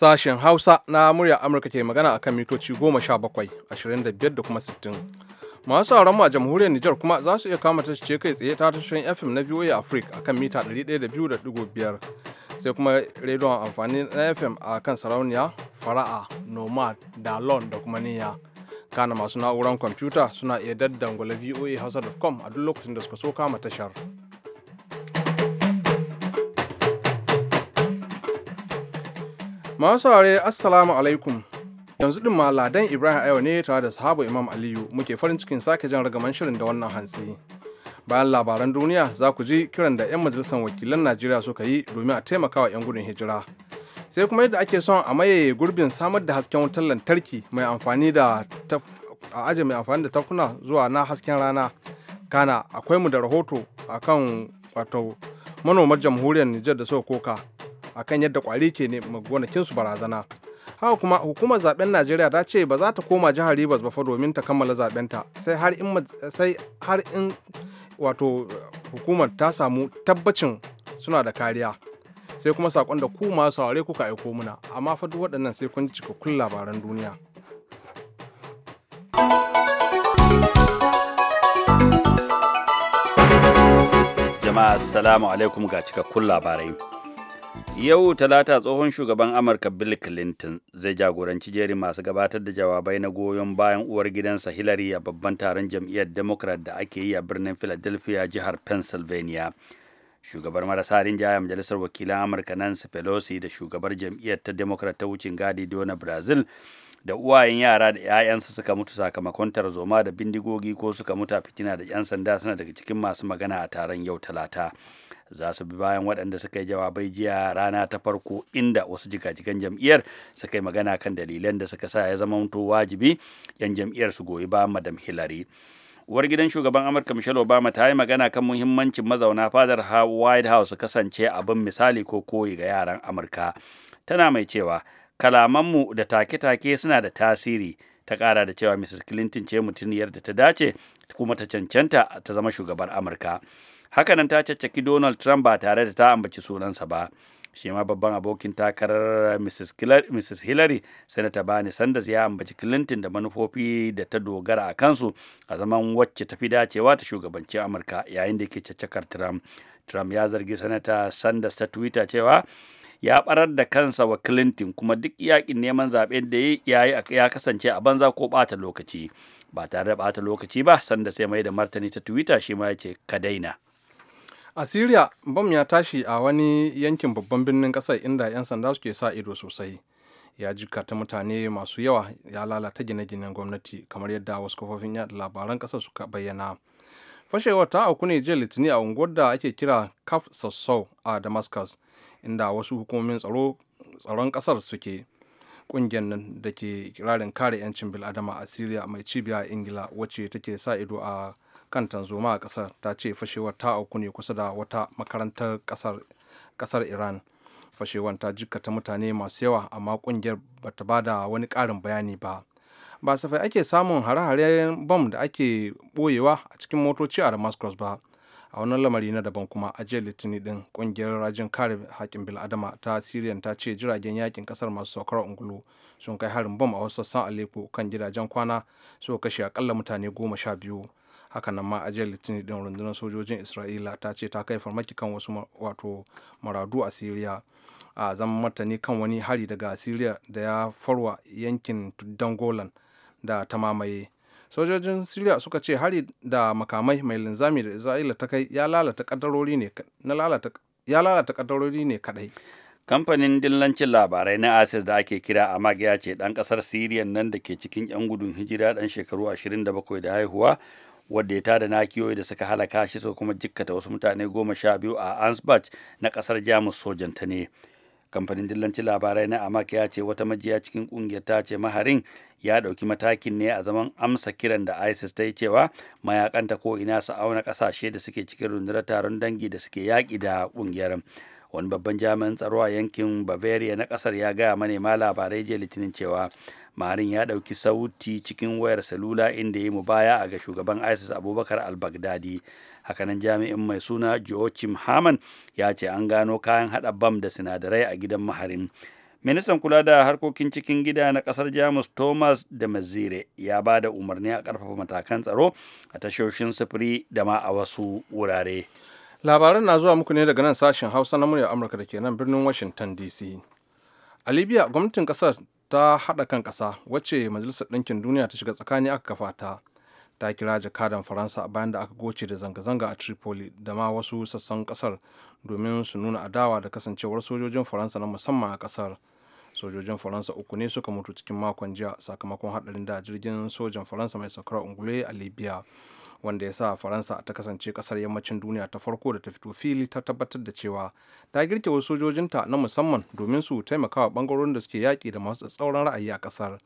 Sashen Hausa na murya Amurka ke magana akan mitoci 17, ashirin da kuma 60. Masu sauran mu a jamhuriyar Nijar kuma za su iya kama ce kai tsaye ta tashoshin FM na VOA Africa akan mita 102.5 sai kuma rediyon amfani na FM a kan sarauniya, fara'a, nomad, dalon da kuma niyya. Kana masu na'uran kwamfuta suna iya daddangwala voa hausa.com a duk lokacin da suka so kama tashar. Masu saurare Assalamu alaikum. Yanzu din ma Ladan Ibrahim Ayo ne tare da sahabu Imam Aliyu muke farin cikin sake jan ragaman shirin da wannan hantsi. Bayan labaran duniya za ku ji kiran da 'yan majalisar wakilan Najeriya suka yi domin a taimakawa 'yan gudun hijira. Sai kuma yadda ake son a maye gurbin samar da hasken wutar lantarki mai amfani da a aje mai amfani da takuna zuwa na hasken rana. Kana akwai mu da rahoto akan wato manomar jamhuriyar Nijar da suka koka akan yadda kwari ke ne su barazana haka kuma hukumar zaben najeriya ta ce ba za ta koma jihar rivers ba fa domin ta kammala zabenta sai har in sai har in wato hukumar ta samu tabbacin suna da kariya sai kuma sakon da ku masu saurare kuka aiko muna amma fa duk waɗannan sai kun ji cikakkun labaran duniya jama'a assalamu alaikum ga cikakkun labarai Yau Talata tsohon shugaban Amurka Bill Clinton zai jagoranci jerin masu gabatar da jawabai na goyon bayan uwar gidansa Hillary a babban taron jam'iyyar Democrat da ake yi a birnin Philadelphia jihar Pennsylvania. Shugabar marasa rinjaya majalisar wakilan Amurka Nancy Pelosi da shugabar jam'iyyar ta Democrat ta wucin gadi Dona Brazil da uwayen yara da 'ya'yansu suka mutu sakamakon tarzoma da bindigogi ko suka mutu a fitina da 'yan sanda suna daga cikin masu magana a taron yau Talata. za su bi bayan waɗanda suka yi jawabai jiya rana ta farko inda wasu jikajikan jam'iyyar suka yi magana kan dalilan da suka sa ya zama wajibi 'yan jam'iyyar su goyi ba madam hillary uwar gidan shugaban amurka michelle obama ta yi magana kan muhimmancin mazauna fadar white house kasance abin misali ko koyi ga yaran amurka tana mai cewa kalaman mu da take-take suna da tasiri ta kara da cewa mrs clinton ce mutuniyar da ta dace kuma ta cancanta ta zama shugabar amurka hakanan ta caccaki donald trump ba tare da ta ambaci sunansa ba shi ma babban abokin takarar mrs hillary senator bani sanders ya ambaci clinton da manufofi da ta dogara a kansu a zaman wacce tafi dacewa ta shugabanci amurka yayin da ke caccakar trump trump ya zargi senator sanders ta twitter cewa ya barar da kansa wa clinton kuma duk yakin neman zaben da ya kasance a banza ko bata lokaci ba tare da bata lokaci ba sanda sai mai da martani ta twitter shi ma ya ce ka daina a syria bam ya tashi a wani yankin babban birnin kasar inda 'yan sanda suke sa ido sosai ya ta mutane masu yawa ya lalata gine-ginen gwamnati kamar yadda wasu kafofin yada labaran kasar suka bayyana fashewar ta auku ne jiya litini a unguwar da ake kira kaf sassau a damascus inda wasu hukumomin tsaron kasar suke kungiyar nan da ke kirarin kare 'yancin bil'adama a syria mai cibiya a ingila wacce take sa ido a kan tanzoma a kasar ta ce fashewar ta auku ne kusa da wata makarantar kasar iran fashewar ta jikata mutane masu yawa amma kungiyar bata ba da wani karin bayani ba ba safai ake samun hare-haren bom da ake boyewa a cikin motoci a damascus ba a wani lamari na daban kuma a jiya litinin din kungiyar rajin kare haƙƙin bil'adama ta syrian ta ce jiragen yakin kasar masu saukar ungulu sun kai harin bom a wasu sassan aleppo kan gidajen kwana suka kashe akalla mutane goma sha biyu hakanan ma ajiyar litinin din rundunar sojojin isra'ila ta ce ta kai farmaki kan wasu wato maradu a siriya a zaman martani kan wani hari daga siriya da ya farwa yankin tuddan golan da ta mamaye sojojin siriya suka ce hari da makamai mai linzami da isra'ila ta kai ya lalata kadarori ne ya kadai kamfanin dillancin labarai na asis da ake kira a ya ce dan kasar siriya nan da ke cikin yan gudun hijira dan shekaru 27 da haihuwa wadda ya tada nakiyoyi da suka halaka shi suka kuma jikkata wasu mutane goma sha biyu a ansbach na kasar jamus sojanta ne kamfanin dillancin labarai na amak ya ce wata majiya cikin kungiyar ta ce maharin ya ɗauki matakin ne a zaman amsa kiran da isis ta yi cewa mayakanta ko ina su auna kasashe da suke cikin rundunar taron dangi da suke yaƙi da ƙungiyar wani babban jami'in tsaro a yankin bavaria na ƙasar ya gaya manema labarai jiya litinin cewa marin ya ɗauki sauti cikin wayar salula inda ya yi a ga shugaban isis abubakar al-baghdadi hakanan jami'in mai suna joachim haman ya ce an gano kayan haɗa bam da sinadarai a gidan maharin ministan kula da harkokin cikin gida na ƙasar jamus thomas da mazire ya ba da umarni a karfafa matakan tsaro a tashoshin sufuri da ma a wasu wurare labaran na zuwa muku ne daga nan sashen hausa na muryar amurka da ke nan birnin washington dc a libya gwamnatin kasar ta haɗa kan ƙasa wacce majalisar ɗinkin duniya ta shiga tsakani aka kafa ta ta kira jakadan faransa bayan da aka goce da zanga-zanga a tripoli da ma wasu sassan ƙasar domin su nuna adawa da kasancewar sojojin faransa na musamman a ƙasar sojojin faransa uku ne suka mutu cikin makon jiya sakamakon haɗarin da jirgin sojan faransa mai saukar ungule a libya wanda ya sa faransa ta kasance kasar yammacin duniya ta farko da ta fito fili ta tabbatar da cewa ta girke wasu sojojinta na musamman domin su taimakawa bangarorin da suke yaƙi da masu tsauran ra'ayi a kasar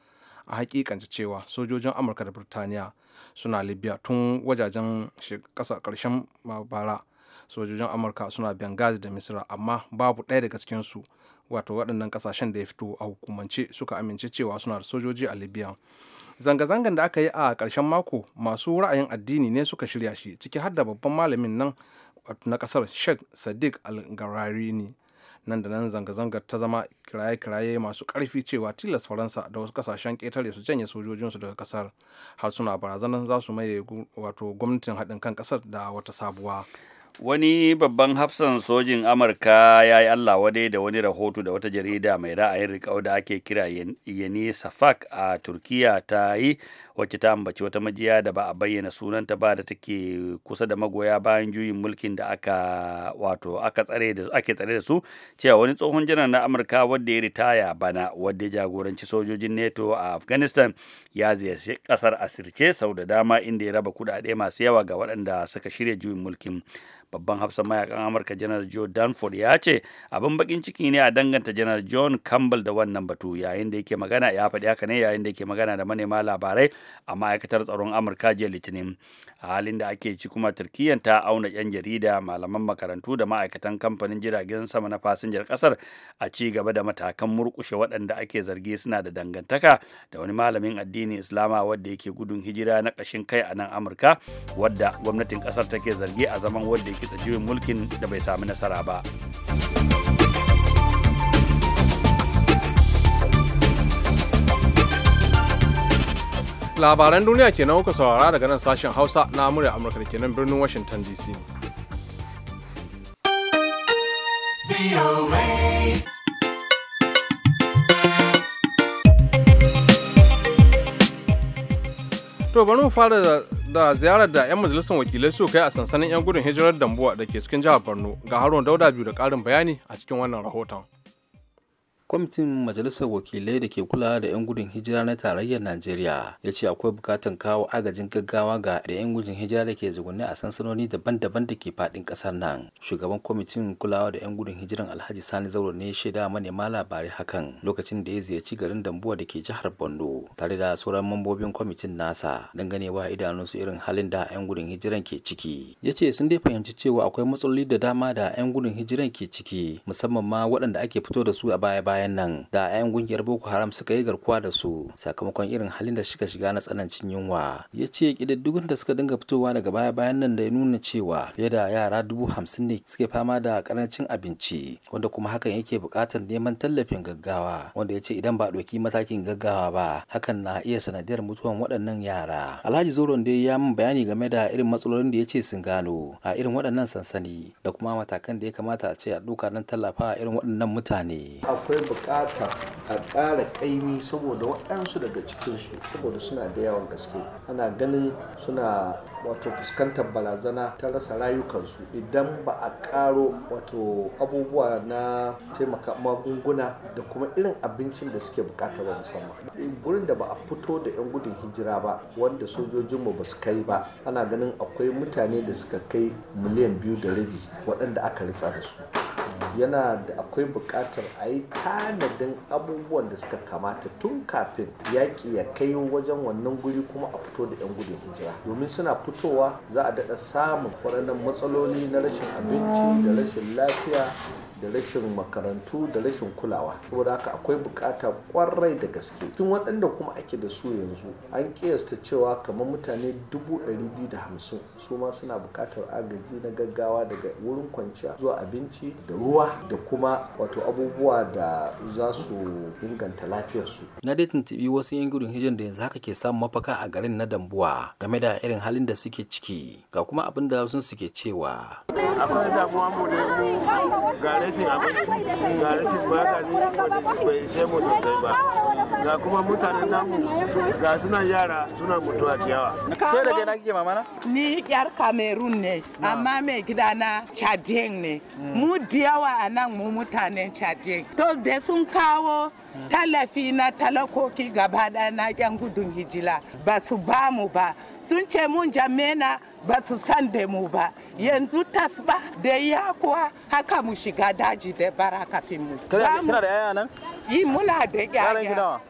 a hakikanci cewa sojojin amurka da birtaniya suna libya tun wajajen kasar ƙarshen bara sojojin amurka suna bengazi da misira amma babu ɗaya daga su wato waɗannan ƙasashen da ya fito a hukumance suka amince cewa suna da sojoji a libya zanga-zangan da aka yi a ƙarshen mako masu ra'ayin addini ne suka shirya shi ciki har da babban malamin nan na ƙasar sheikh sadiq al-gararini nan da nan zanga-zangar ta zama kiraye-kiraye masu ƙarfi cewa tilas faransa da wasu ƙasashen ƙetare su janye sojojinsu daga ƙasar har suna barazanar za su maye wato gwamnatin haɗin kan ƙasar da wata sabuwa wani babban hafsan sojin amurka ya yi allah wadai da wani rahoto da wata jarida mai ra'ayin riƙau da ake kira yani safak a turkiya ta yi wacce ta ambaci wata majiya da ba a bayyana sunanta ba da take kusa da magoya bayan juyin mulkin da tsare da ake tsare da su cewa wani tsohon janar na amurka wadda ya ritaya bana wadda jagoranci sojojin neto a afghanistan ya ziyarci kasar asirce sau da dama inda ya raba kudade masu yawa ga waɗanda suka shirya juyin mulkin babban hafsan mayakan amurka janar joe danford ya ce abin bakin ciki ne a danganta janar john campbell da wannan batu yayin da yake magana ya faɗi haka ne yayin da yake magana da manema labarai a ma'aikatar tsaron amurka jiya litinin a halin da ake ci kuma turkiyyar ta auna yan jarida malaman makarantu da ma'aikatan kamfanin jiragen sama na fasinjar kasar a ci gaba da matakan murkushe waɗanda ake zargi suna da dangantaka da wani malamin addinin islama wadda yake gudun hijira na ƙashin kai a nan amurka wadda gwamnatin ƙasar take zargi a zaman wadda yake hargitsa juyin mulkin da bai sami nasara ba labaran duniya kenan kuka saurara daga nan sashen hausa na murya amurka da kenan birnin washington dc to bari mu fara da da ziyarar da 'yan majalisar wakilai su kai a sansanin 'yan gudun hijirar dambuwa da ke cikin jihar borno ga haron dauda biyu da karin bayani a cikin wannan rahoton kwamitin majalisar wakilai da ke kula da 'yan gudun hijira na tarayyar najeriya ya ce akwai bukatan kawo agajin gaggawa ga da 'yan gudun hijira da ke zagunne a sansanoni daban-daban da ke fadin kasar nan shugaban kwamitin kulawa da 'yan gudun hijiran alhaji sani zauro ne shaida manema labarai hakan lokacin da ya ziyarci garin dambuwa da ke jihar borno tare da sauran mambobin kwamitin nasa danganewa su irin halin da 'yan gudun hijiran ke ciki ya ce sun dai fahimci cewa akwai matsaloli da dama da 'yan gudun hijiran ke ciki musamman ma waɗanda ake fito da su a baya-baya bayan nan da 'yan gungiyar boko haram suka yi garkuwa da su sakamakon irin halin da suka shiga na tsanancin yunwa ya ce ƙididdigun da suka dinga fitowa daga baya-bayan nan da ya nuna cewa fiye da yara dubu hamsin ne suke fama da karancin abinci wanda kuma hakan yake buƙatar neman tallafin gaggawa wanda ya ce idan ba ɗauki matakin gaggawa ba hakan na iya sanadiyar mutuwan waɗannan yara alhaji zoron dai ya min bayani game da irin matsalolin da ya ce sun gano a irin waɗannan sansani da kuma matakan da ya kamata a ce a ɗauka don tallafa irin waɗannan mutane akwai bukata a ƙara ƙaimi saboda waɗansu daga cikinsu saboda suna da yawan gaske ana ganin suna wato fuskantar barazana ta rasa rayukansu idan ba a ƙaro wato abubuwa na taimaka magunguna da kuma irin abincin da suke bukata ba musamman gurin da ba a fito da 'yan gudun hijira ba wanda sojojinmu ba su kai ba ana ganin akwai mutane da suka kai miliyan biyu da rabi waɗanda aka ritsa da su yana da akwai buƙatar a yi tanadin abubuwan da suka kamata tun kafin yaƙi ya kai wajen wannan guri kuma a fito da 'yan gudun hijira domin suna fitowa za a daɗa samun waɗannan matsaloli na rashin abinci da rashin lafiya da rashin makarantu da rashin kulawa saboda haka akwai bukata kwarai da gaske tun waɗanda kuma ake da su yanzu an kiyasta cewa kamar mutane dubu ɗari biyu da hamsin su ma suna bukatar agaji na gaggawa daga wurin kwanciya zuwa abinci da ruwa da kuma wato abubuwa da za su inganta lafiyarsu. na dai tuntubi wasu yan gudun hijin da yanzu haka ke samun mafaka a garin na dambuwa game da irin halin da suke ciki ga kuma abin da sun suke cewa akwai rashin abinci ga rashin magani bai ishe mu sosai ba ga kuma mutanen namu ga suna yara suna mutuwa ciyawa ke da gina kike mamana ni yar cameroon ne amma mai gida na chadian ne hmm. mu diyawa a nan mu mutanen chadian to da sun kawo hmm. tallafi na talakoki gaba na yan gudun hijila ba su ba mu ba sun ce mun jamena ba su san da mu ba yanzu tasba da kuwa haka mu shiga daji da bara kafin mu. Kina da yaya nan? Yi muna da yaya.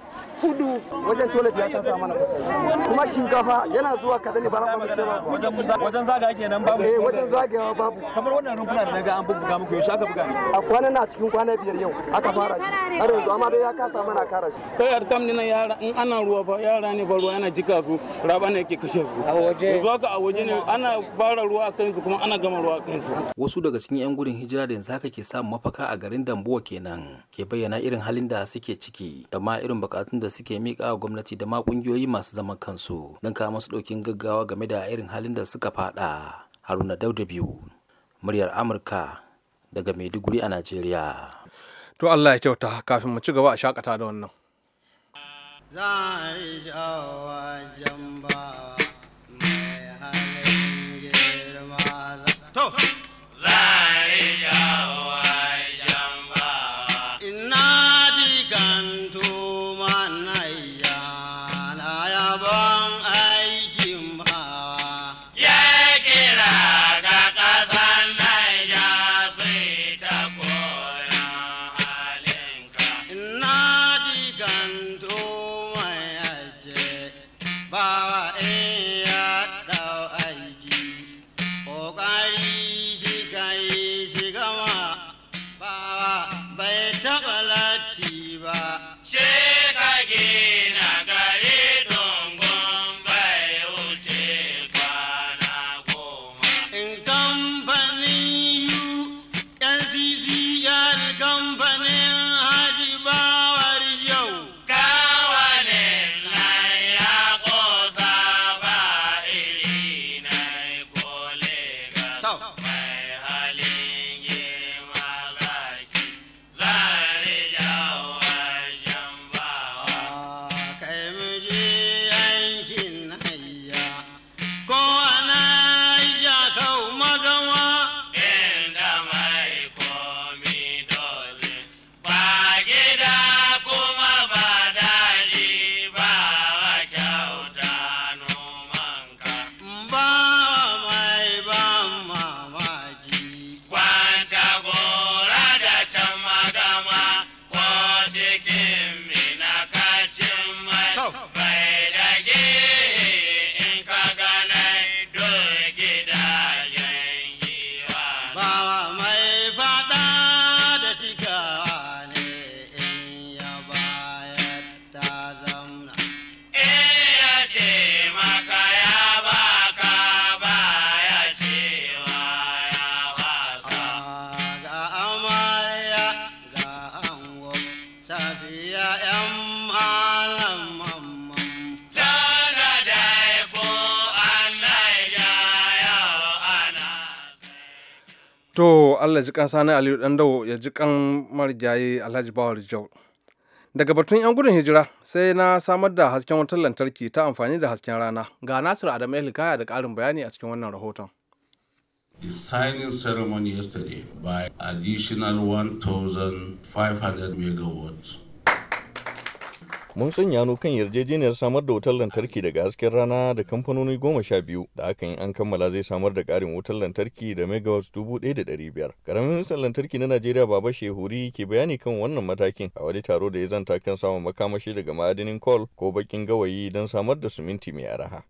hudu wajen toilet ya kasa mana sosai kuma shinkafa yana zuwa kaɗan ne baran na cewa wajen zaga nan babu eh wajen zagawa babu kamar wannan rumfuna da naga an buga muku yaushe aka buga ne a kwana na cikin kwana biyar yau aka fara shi har yanzu amma dai ya kasa mana kara shi kai kam ne yara in ana ruwa ba yara ne ba ruwa yana jika su raba ne yake kashe su a waje yanzu haka a waje ne ana fara ruwa a kansu kuma ana gama ruwa a kansu wasu daga cikin yan gudun hijira da yanzu haka ke samun mafaka a garin Dambuwa kenan ke bayyana irin halin da suke ciki da ma irin bukatun da suke miƙa wa gwamnati da ma ƙungiyoyi masu zaman kansu don kawo masu ɗaukin gaggawa game da irin halin da suka faɗa. Haruna Dauda biyu, muryar Amurka daga Maiduguri a Najeriya. To Allah ya kyauta kafin mu ci gaba a shakata da wannan. Za a Wow. To Allah ji kan sani Aliyu Dandau ya ji kan marigayi Alhaji Bawar Jau. Daga batun 'yan gudun hijira sai na samar da hasken wutar lantarki ta amfani da hasken rana. Ga Nasiru Adamu Elikaya da karin bayani a cikin wannan rahoton. The signing ceremony yesterday by additional 1,500 megawatts mun sanya hannu kan yarjejeniyar samar da wutar lantarki daga hasken rana da kamfanoni goma sha biyu da aka yi an kammala zai samar da karin wutar lantarki da megawatts dubu ɗaya da ɗari biyar karamin ministan lantarki na najeriya baba shehuri ke bayani kan wannan matakin a wani taro da ya zanta kan samun makamashi daga ma'adinin kol ko bakin gawayi don samar da suminti mai araha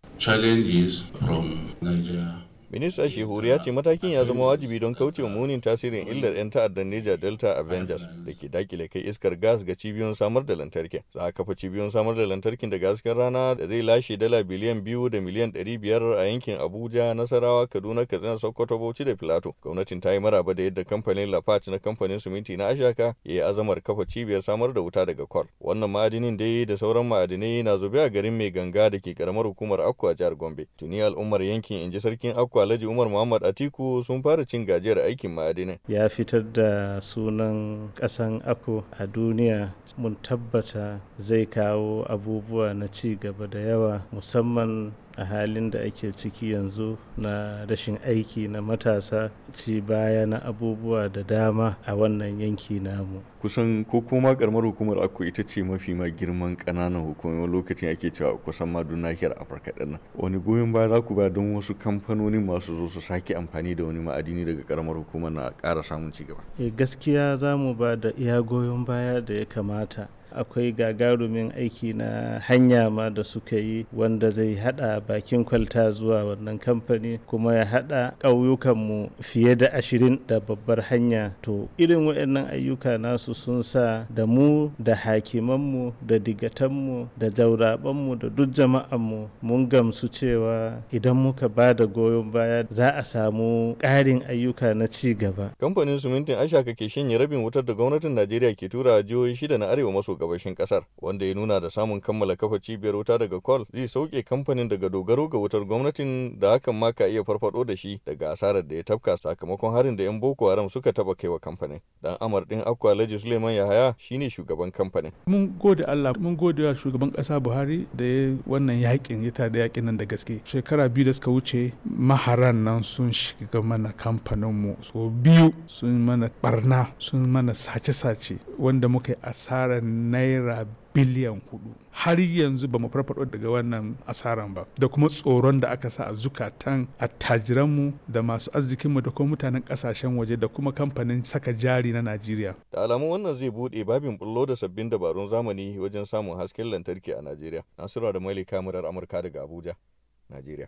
Minista Shehuri ya ce matakin ya zama wajibi don kaucewa munin tasirin illar 'yan ta'addar Neja Delta Avengers da ke dakile kai iskar gas ga cibiyoyin samar da lantarki. Za a kafa cibiyoyin samar da lantarkin daga hasken rana da zai lashe dala biliyan biyu da miliyan ɗari biyar a yankin Abuja, Nasarawa, Kaduna, Katsina, Sokoto, Bauchi da Filato. Gwamnatin ta yi maraba da yadda kamfanin lafat na kamfanin siminti na Ashaka ya yi azamar kafa cibiyar samar da wuta daga kwal. Wannan ma'adinin dai da sauran ma'adinai na zube a garin mai ganga da ke karamar hukumar Akwa a jihar Gombe. Tuni al'ummar yankin inji sarkin Akwa Atiku Alhaji Umar Muhammad Atiku sun fara cin gajiyar aikin ma'adinan. Ya fitar da sunan ƙasan Ako a duniya mun tabbata zai kawo abubuwa na ci gaba da yawa musamman a halin da ake ciki yanzu na rashin aiki na matasa ci baya na abubuwa da dama a wannan yanki namu kusan ko kuma karamar hukumar akko ita ce mafi ma girman kananan hukumar lokacin ake cewa kusan ma duk nahiyar afirka din wani goyon baya za ku ba don wasu kamfanonin masu zo su sake amfani da wani ma'adini daga karamar hukumar na kara samun cigaba eh, gaskiya za mu ba da iya goyon baya da ya kamata akwai gagarumin aiki na hanya ma da suka yi wanda zai hada bakin kwalta zuwa wannan kamfani kuma ya hada ƙauyukanmu fiye da ashirin da babbar hanya to irin waɗannan ayyuka nasu sun sa da mu da hakimanmu da digatanmu da jaurabanmu da duk jama'anmu mun gamsu cewa idan muka ba da goyon baya za a samu ƙarin ayyuka na ci gaba kamfanin sumintin asha ke shin rabin wutar da gwamnatin najeriya ke tura jihohi shida na arewa maso gabashin kasar wanda ya nuna da samun kammala kafa cibiyar wuta daga kwal zai sauke kamfanin daga dogaro ga wutar gwamnatin da hakan ma ka iya farfado da shi daga asarar da ya tafka sakamakon harin da 'yan boko haram suka taba kai wa kamfanin dan amar din akwa alhaji suleiman yahaya shine shugaban kamfanin mun gode allah mun gode wa shugaban kasa buhari da ya wannan yakin ya tada yakin nan da gaske shekara biyu da suka wuce maharan nan sun shiga mana kamfaninmu so biyu sun mana barna sun mana sace-sace wanda muka yi asarar naira biliyan hudu har yanzu ba mu farfado daga wannan asaran ba da kuma tsoron da aka sa a zukatan attajiranmu da masu arzikinmu da kuma mutanen kasashen waje da kuma kamfanin saka jari na najeriya da alamun wannan zai bude babin bullo da sabbin dabarun zamani wajen samun hasken lantarki a najeriya nasiru da mali murar amurka daga abuja najeriya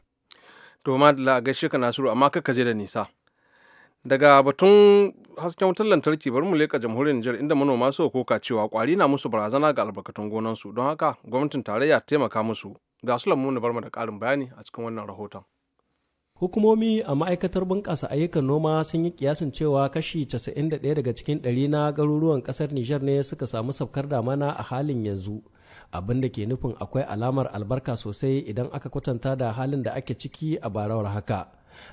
to ma da gaishe ka nasiru amma kakka je da nisa daga batun hasken wutar lantarki bari mu leka jamhuriyar Nijar inda manoma suka koka cewa kwari na musu barazana ga albarkatun gonansu don haka gwamnatin tarayya ta taimaka musu ga su lamu bar mu da karin bayani a cikin wannan rahoton Hukumomi a ma'aikatar bunƙasa ayyukan noma sun yi kiyasin cewa kashi 91 daga cikin ɗari na garuruwan ƙasar Nijar ne suka samu saukar mana a halin yanzu, abin da ke nufin akwai alamar albarka sosai idan aka kwatanta da halin da ake ciki a barawar haka.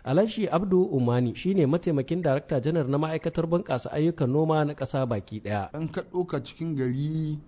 Alhaji Abdu Umani shine mataimakin darakta janar na ma'aikatar bunƙasa ayyukan noma na ƙasa baki ɗaya. An ka ɗauka cikin gari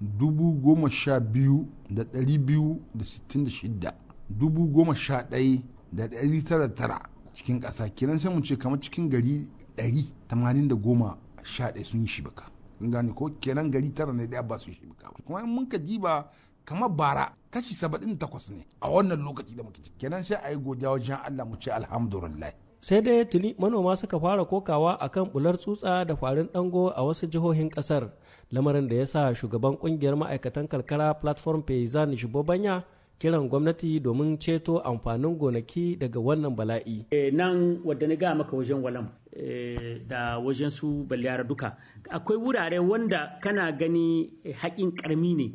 dubu goma sha biyu da ɗari biyu da sittin da shidda dubu goma sha ɗaya da ɗari tara tara cikin ƙasa kenan sai mu ce kamar cikin gari ɗari tamanin da goma sha ɗaya sun yi shi baka gane ko kenan gari tara ne ɗaya ba su yi shibika kuma in mun ka diba kamar bara kashi saba'in takwas ne a wannan lokaci da muke ciki kenan sai a yi godiya wajen Allah mu ce alhamdulillah sai dai tuni manoma suka fara kokawa akan bular tsutsa da farin dango a wasu jihohin kasar lamarin da ya sa shugaban kungiyar ma'aikatan karkara platform peizan banya kiran gwamnati domin ceto amfanin gonaki daga wannan bala'i. Eh, nan wadda ni ga maka wajen walam eh, da wajen su baliyara duka akwai wurare wanda kana gani eh, haƙin ƙarmi ne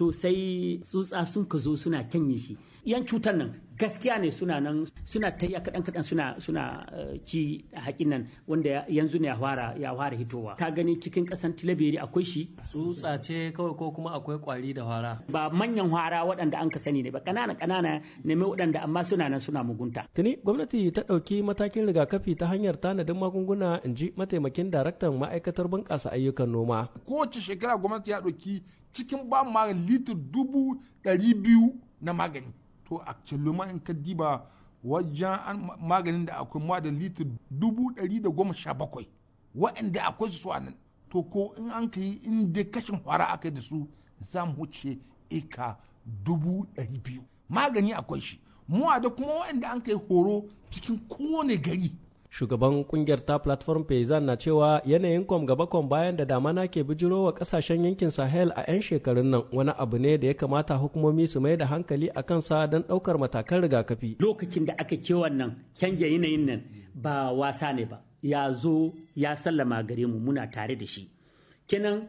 to sai tsutsa sun ka zo suna kyanye shi iyan cutar nan gaskiya ne suna nan suna tayya kaɗan kaɗan suna suna eh, ci haƙin nan wanda yanzu ne ya fara hitowa Ta gani cikin ƙasan tilabiri akwai shi tsutsa ce kawai ko kuma akwai ƙwari da hwara ba manyan hwara waɗanda an ka sani ne ba ƙanana ƙanana ne mai waɗanda amma suna nan suna mugunta tuni gwamnati ta ɗauki matakin rigakafi ta hanyar tanadin magunguna in ji mataimakin daraktan ma'aikatar bunƙasa ayyukan noma kowace shekara gwamnati ya ɗauki cikin ba litir dubu ɗari biyu na magani to a ma in ka diba wajen maganin da akwai ma da litir dubu ɗari da goma sha bakwai wa'anda akwai su a nan to ko in an ka yi in dai kashin fara aka yi da su za mu wuce eka dubu ɗari biyu magani akwai shi mu da kuma waɗanda an kai horo cikin kowane gari shugaban kungiyar ta platform paysan na cewa yanayin kwam gaba kwam bayan da damana ke bijiro wa kasashen yankin sahel a 'yan shekarun nan wani abu ne da ya kamata hukumomi su mai da hankali a kansa don ɗaukar matakan rigakafi lokacin da aka ce wannan canja yanayin nan ba wasa ne ba ya zo ya sallama gare mu muna tare da shi kenan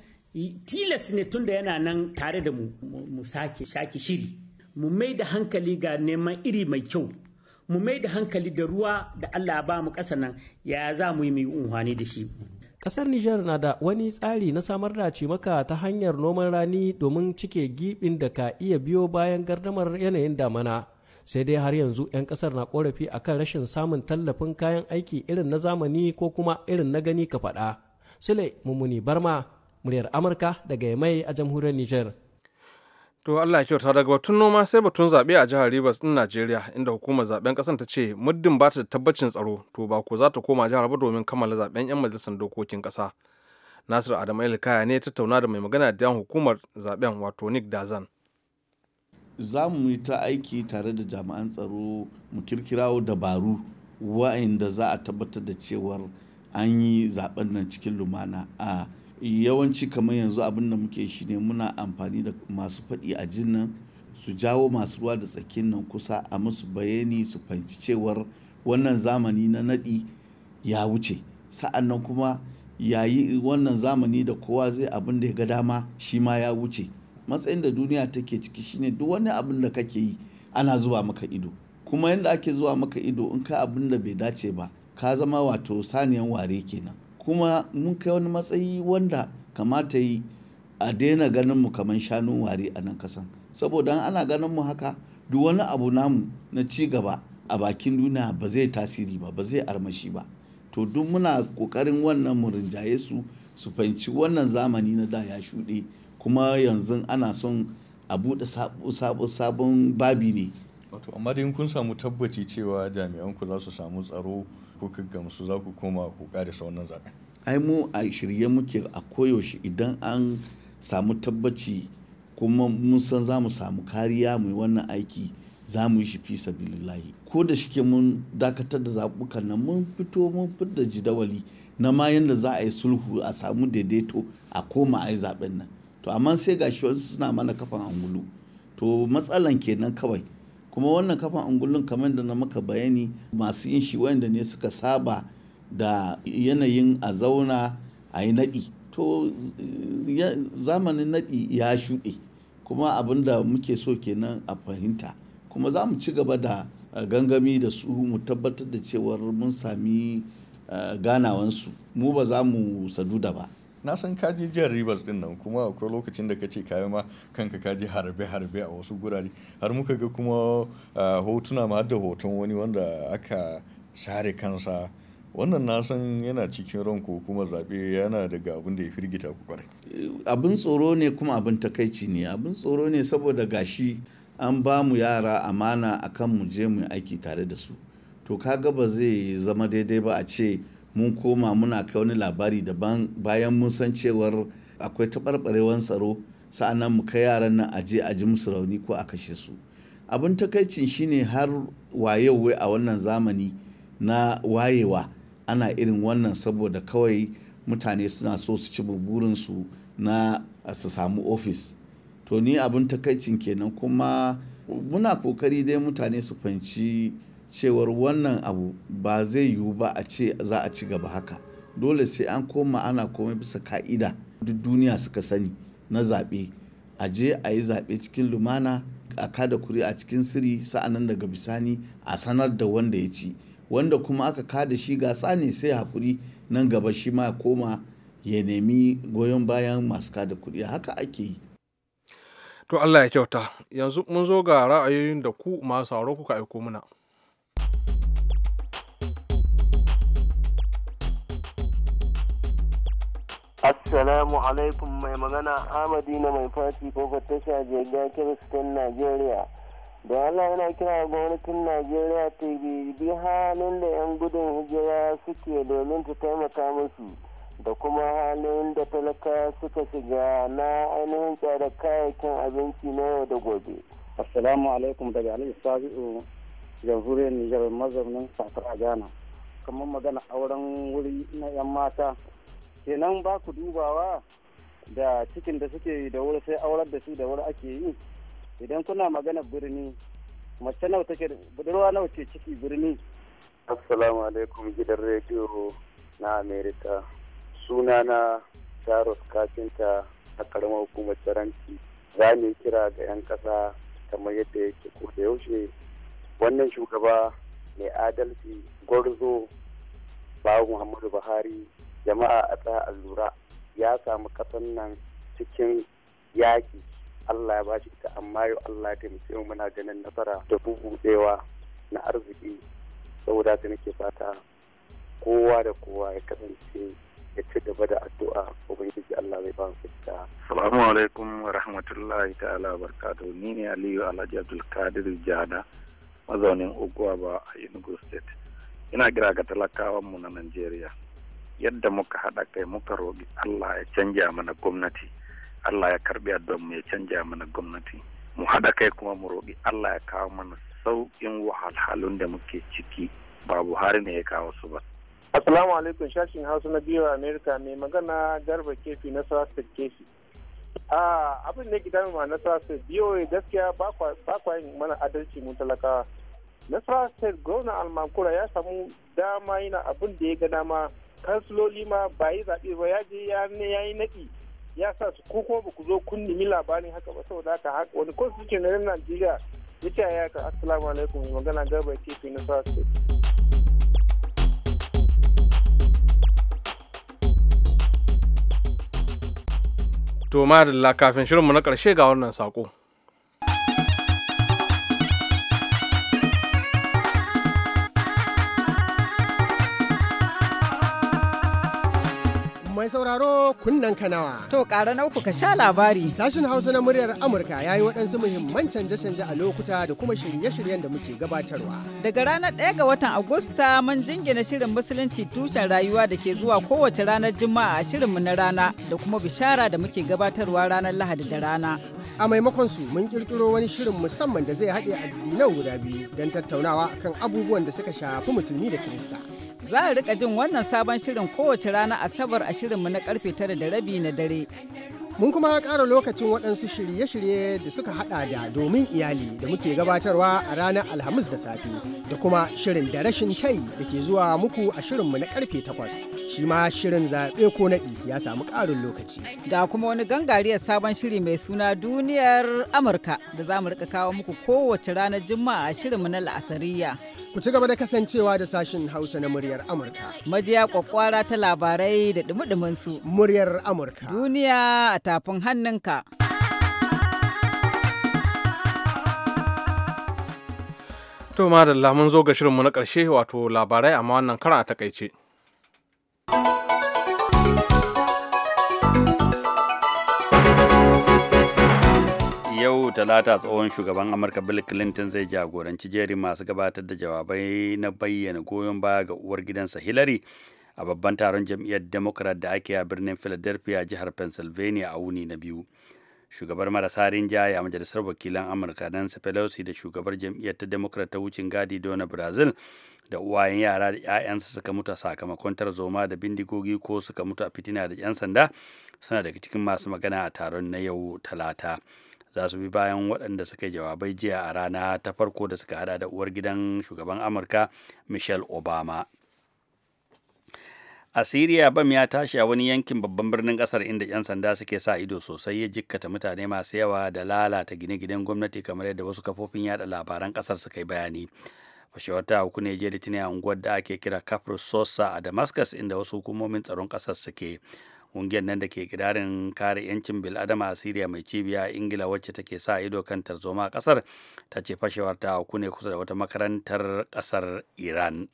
tilas ne tunda yana nan tare da mu mu sake shiri mu mai da hankali ga neman iri mai kyau mu mai da hankali da ruwa da Allah ba mu kasa nan ya za mu yi mai unhwani da shi Ƙasar Nijar na da wani tsari na samar da cimaka ta hanyar noman rani domin cike gibin da ka iya biyo bayan gardamar yanayin damana. Sai dai har yanzu 'yan ƙasar na ƙorafi akan rashin samun tallafin kayan aiki irin na zamani ko kuma irin na gani ka faɗa. Sule Mummuni Barma, muryar Amurka daga Yamai a jamhuriyar Nijar. To Allah ya kyauta daga batun noma sai batun zaɓe a jihar Rivers ɗin Najeriya inda hukumar zaɓen ƙasar ta ce muddin ba ta da tabbacin tsaro to ba ko za ta koma jihar ba domin kammala zaɓen 'yan majalisar dokokin ƙasa. Nasiru Adamu kaya ne ya tattauna da mai magana da yan hukumar zaɓen wato Nick Dazan. Za mu yi ta aiki tare da jami'an tsaro mu kirkirawo dabaru wa'inda za a tabbatar da cewar an yi zaɓen nan cikin lumana a yawanci kamar yanzu abin da muke shi ne muna amfani da masu faɗi a jinnan su jawo masu ruwa da tsakin nan kusa a musu bayani su fahimci cewar wannan zamani na naɗi ya wuce sa'an nan kuma yayi wannan zamani da kowa zai abin da ya ga dama shi ma ya wuce matsayin da duniya take ciki shine duk wani abin da kake yi ana zuwa maka ido kuma yadda ake zuwa maka ido in ka abin da bai dace ba ka zama wato saniyan ware kenan kuma mun kai wani matsayi wanda kamata yi a daina ganin mu kamar shanun wari a nan kasan saboda ana ganin mu haka duk wani abu namu na ci gaba a bakin duniya ba zai tasiri ba ba zai armashi ba to duk muna kokarin wannan mu rinjaye su su fahimci wannan zamani na da ya shuɗe kuma yanzu ana son a buɗe sabon babi ne wato amma dai kun samu tabbaci cewa jami'an ku za su samu tsaro kuka gamsu za ku koma ku karisa wannan zaben ai mu a shirye muke a koyaushe idan an samu tabbaci kuma mun san za mu samu kariya mai wannan aiki za mu yi shi fi sabilillahi ko da shike mun dakatar da zaɓukan nan mun fito mun fitar jidawali na ma yadda za a yi sulhu a samu daidaito a koma a yi zaɓen nan to amma sai ga wasu suna mana kafan angulu to matsalan kenan kawai kuma wannan kafan angulun kamar da na maka bayani masu yin shi wayanda ne suka saba da yanayin a zauna a yi naɗi to zamanin naɗi ya shuɗe kuma abin da muke so kenan a fahimta kuma za mu ci gaba da gangami da su mu tabbatar da cewar mun sami ganawansu mu ba za mu sadu da ba na san ka je jihar Rivers din nan kuma akwai lokacin da ka ce kayi ma kanka ka je harbe harbe a wasu gurare har muka ga kuma hotuna ma da hoton wani wanda aka share kansa wannan na san yana cikin ranko kuma zaɓe yana daga abin da ya firgita ku kwarai abin tsoro ne kuma abin takaici ne abin tsoro ne saboda gashi an ba mu yara amana akan mu je mu aiki tare da su to kaga ba zai zama daidai ba a ce mun koma muna kai wani labari daban bayan mun san cewar akwai taɓarɓarewar tsaro sa'annan mu kai yaran nan aje a ji musu rauni ko a kashe su abin takaicin shine har wai a wannan zamani na wayewa ana irin wannan saboda kawai mutane suna so su ci burinsu na su samu ofis to ni abin takaicin kenan kuma muna kokari dai mutane su fahimci cewar wannan abu ba zai yiwu ba a ce za a ci gaba haka dole sai an koma ana komai bisa ka'ida duk duniya suka sani na zaɓe a je a yi zaɓe cikin lumana a kada kuri a cikin sirri sa'anan daga bisani a sanar da wanda ya ci wanda kuma aka kada shi gasa ne sai hakuri nan gaba shi ma koma ya nemi goyon bayan masu kada kuri haka ake yi to Allah ya kyauta yanzu mun zo ga ra'ayoyin da ku masu sauro kuka aiko muna Assalamu alaikum mai magana Amadi na mai fati ko tasha ga kiristan Najeriya. Da Allah yana kira gwamnatin Najeriya ta bi halin da 'yan gudun hijira suke domin ta taimaka musu da kuma halin da talaka suka shiga na ainihin tsada kayakin abinci na yau da gobe. Assalamu alaikum daga Aliyu Sabi'u jamhuriyar Nijar mazaunin Sakar a Ghana. Kamar magana auren wuri na 'yan mata kenan ba ku dubawa da cikin da suke da wuri sai aurar da su da wuri ake yi idan kuna magana birni mace nawa take budurwa nawa ce ciki birni assalamu alaikum gidan rediyo na america suna na charles kafinta a karamar hukumar taranti za mu kira ga 'yan kasa kamar yadda yake ko da yaushe wannan shugaba mai adalci gwarzo babu muhammadu buhari jama'a a tsaya a ya samu kasan nan cikin yaƙi Allah ya bashi ita amma yau Allah ya taimake mu muna ganin nasara da buhuɗewa na arziki saboda ta nake fata kowa da kowa ya kasance ya ci gaba da addu'a ubangiji Allah zai ba su ta assalamu alaikum wa rahmatullahi ta'ala barkatu ni ne Aliyu Alhaji Abdul Kadir Jada mazaunin Ogowa a Enugu State ina gira ga talakawan mu na Najeriya yadda muka haɗa kai muka roƙi Allah ya canja mana gwamnati Allah ya karbi mu ya canja mana gwamnati mu haɗa kai kuma mu roƙi Allah ya kawo mana sauƙin wahalhalun da muke ciki ba Buhari ne ya kawo su ba. Assalamu alaikum shashin Hausa na biyu Amerika mai magana Garba Kefi na Sarasar Kefi. abin ne gidan ma na Sarasar biyo gaskiya ba kwa yin mana adalci mu talakawa. nasarar state gwamnan Almakura ya samu dama yana abin da ya ga dama kansiloli ma ba yi zaɓe ba ya je ya yi naɗi ya sa su ko kuma ba ku zo kun nemi labarin haka ba saboda haka wani constitution na Najeriya ya ce ya ka assalamu alaikum magana garba ke fi na sa To ma da kafin shirinmu na ƙarshe ga wannan saƙo. mai sauraro kunnen kanawa. To ƙara na uku ka sha labari. Sashen Hausa na muryar Amurka ya yi waɗansu muhimman canje-canje a lokuta da kuma shirye-shiryen da muke gabatarwa. Daga ranar 1 ga watan Agusta mun jingina shirin musulunci tushen rayuwa da ke zuwa kowace ranar Juma'a a shirinmu na rana da kuma bishara da muke gabatarwa ranar Lahadi da rana. a maimakon su mun kirkiro wani shirin musamman da zai haɗe addinan guda biyu don tattaunawa akan abubuwan da suka shafi musulmi da kirista Za a rika jin wannan sabon shirin kowace rana Asabar a shirinmu na karfe tara da rabi na dare. Mun kuma ƙara lokacin waɗansu shirye-shirye da suka haɗa da domin iyali da muke gabatarwa a ranar Alhamis da safe da kuma shirin da rashin tai da ke zuwa muku a shirinmu na karfe takwas. Shi ma shirin zaɓe ko naɗi ya samu ƙarin lokaci. Ga kuma wani gangariyar sabon shiri mai suna duniyar Amurka da za mu rika kawo muku kowace ranar Juma'a a shirinmu na La'asariya. Ku ci gaba da kasancewa da sashin Hausa na muryar Amurka. Majiya kwakwara ta labarai da dumi su. Muryar Amurka. Duniya a tafin hannunka. To madalla mun zo ga shirinmu na ƙarshe wato labarai amma wannan karan a takaice. yau talata tsohon shugaban amurka bill clinton zai jagoranci jerin masu gabatar da jawabai na bayyana goyon baya ga uwar gidansa hillary a babban taron jam'iyyar democrat da ake a birnin philadelphia jihar pennsylvania a wuni na biyu shugabar marasa rinjaya a majalisar wakilan amurka nancy pelosi da shugabar jam'iyyar ta democrat ta wucin gadi dona brazil da uwayen yara da 'ya'yansa suka mutu sakamakon tarzoma da bindigogi ko suka mutu a fitina da 'yan sanda suna daga cikin masu magana a taron na yau talata za su bi bayan waɗanda suka yi jawabai jiya a rana ta farko da suka hada da uwar gidan shugaban amurka michelle obama a siriya bam ya tashi a wani yankin babban birnin kasar inda 'yan sanda suke sa ido sosai ya jikkata mutane masu yawa da lalata gine-ginen gwamnati kamar yadda wasu kafofin yada labaran kasar suka yi bayani fashewar ta uku ne je litinin a unguwar da ake kira kafir sosa a damascus inda wasu hukumomin tsaron kasar suke ƙungiyar nan da ke kidarin kare 'yancin bil'adama a siriya mai cibiya ingila wacce take sa ido kan tarzoma kasar ta ce fashewar ta uku kusa da wata makarantar kasar iran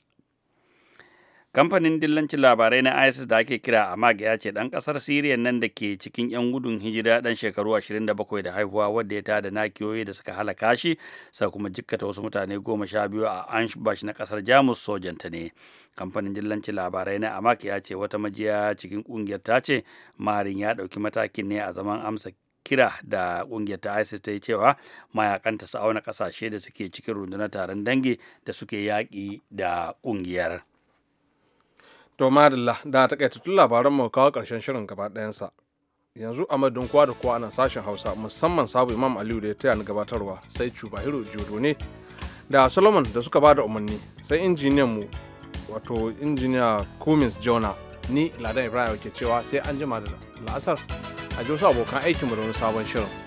kamfanin dillancin labarai na isis da ake kira amag ya ce dan ƙasar siriya nan da ke cikin 'yan gudun hijira dan shekaru 27 da haihuwa wadda ya tada nakiyoyi da suka halaka shi sa kuma jikkata wasu mutane goma sha biyu a anshbash na kasar jamus sojanta ne kamfanin dillancin labarai na amag ya ce wata majiya cikin kungiyar ta ce marin ya dauki matakin ne a zaman amsa kira da kungiyar ta ISIS ta yi cewa mayakanta su auna kasashe da suke cikin rundunar taron dangi da suke yaƙi da kungiyar. to madalla da ta kai tutun labaran mu kawo karshen shirin gaba ɗayansa yanzu a madadin kowa da kowa anan sashen hausa musamman sabu imam aliyu da ya taya ni gabatarwa sai cubahiro jodo ne da solomon da suka ba da umarni sai injiniyan mu wato injiniya cummins jona ni ladan ibrahim ke cewa sai an jima da la'asar a ji wasu abokan aikinmu da wani sabon shirin